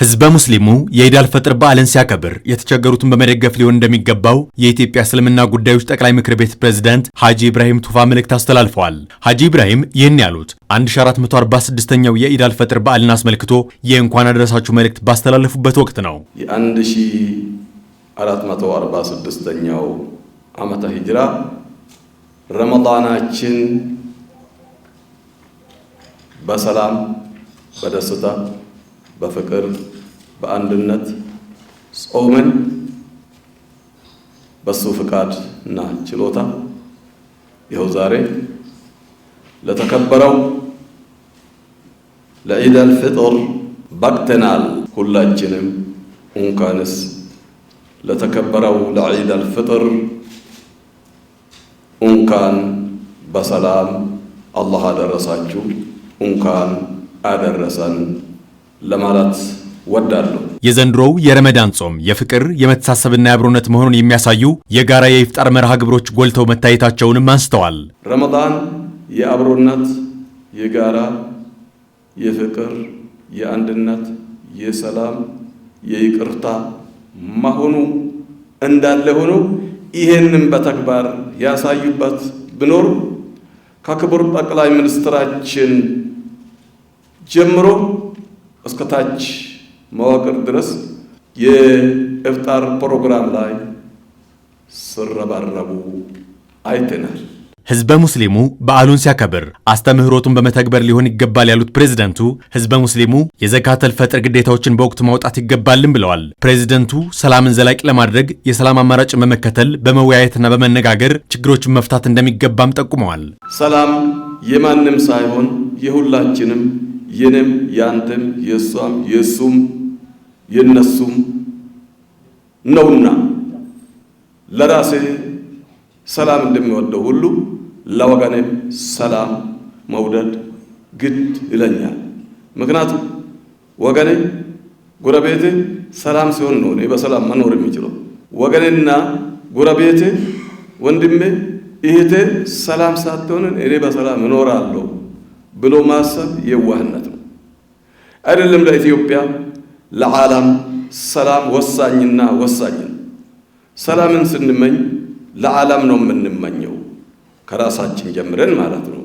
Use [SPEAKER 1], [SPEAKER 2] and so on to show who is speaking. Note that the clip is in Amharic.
[SPEAKER 1] ህዝበ ሙስሊሙ የኢድ አልፈጥር በዓልን ሲያከብር የተቸገሩትን በመደገፍ ሊሆን እንደሚገባው የኢትዮጵያ እስልምና ጉዳዮች ጠቅላይ ምክር ቤት ፕሬዝዳንት ሐጂ ኢብራሂም ቱፋ መልእክት አስተላልፈዋል። ሐጂ ኢብራሂም ይህን ያሉት 1446ኛው የኢድ አልፈጥር በዓልን አስመልክቶ የእንኳን አደረሳችሁ መልእክት ባስተላለፉበት ወቅት ነው።
[SPEAKER 2] የ1446ኛው ዓመተ ሂጅራ ረመዳናችን በሰላም በደስታ በፍቅር በአንድነት ጾመን በሱ ፍቃድ እና ችሎታ ይኸው ዛሬ ለተከበረው ለኢደል ፍጥር በቅተናል። ሁላችንም እንኳንስ ለተከበረው ለኢደል ፍጥር እንኳን በሰላም አላህ አደረሳችሁ፣ እንኳን አደረሰን። ለማለት ወዳለሁ።
[SPEAKER 1] የዘንድሮው የረመዳን ጾም የፍቅር የመተሳሰብና የአብሮነት መሆኑን የሚያሳዩ የጋራ የኢፍጣር መርሃ ግብሮች ጎልተው መታየታቸውንም አንስተዋል።
[SPEAKER 2] ረመዳን የአብሮነት፣ የጋራ፣ የፍቅር፣ የአንድነት፣ የሰላም፣ የይቅርታ መሆኑ እንዳለ ሆኖ ይህንን በተግባር ያሳዩበት ቢኖር ከክቡር ጠቅላይ ሚኒስትራችን ጀምሮ እስከታች መዋቅር ድረስ የእፍጣር ፕሮግራም ላይ ስረባረቡ አይተናል።
[SPEAKER 1] ህዝበ ሙስሊሙ በዓሉን ሲያከብር አስተምህሮቱን በመተግበር ሊሆን ይገባል ያሉት ፕሬዝደንቱ ህዝበ ሙስሊሙ የዘካተል ፈጥር ግዴታዎችን በወቅቱ ማውጣት ይገባልን ብለዋል። ፕሬዝደንቱ ሰላምን ዘላቂ ለማድረግ የሰላም አማራጭን በመከተል በመወያየትና በመነጋገር ችግሮችን መፍታት እንደሚገባም ጠቁመዋል።
[SPEAKER 2] ሰላም የማንም ሳይሆን የሁላችንም የኔም ያንተም የእሷም የእሱም የነሱም ነውና ለራሴ ሰላም እንደሚወደው ሁሉ ለወገኔም ሰላም መውደድ ግድ ይለኛል። ምክንያቱም ወገኔ ጎረቤቴ ሰላም ሲሆን ነው እኔ በሰላም መኖር የሚችለው። ወገኔና ጎረቤቴ፣ ወንድሜ፣ እህቴ ሰላም ሳትሆን እኔ በሰላም እኖራለሁ። ብሎ ማሰብ የዋህነት ነው። አይደለም ለኢትዮጵያ ለዓለም ሰላም ወሳኝና ወሳኝ ነው። ሰላምን ስንመኝ ለዓለም ነው የምንመኘው፣ ከራሳችን ጀምረን ማለት ነው።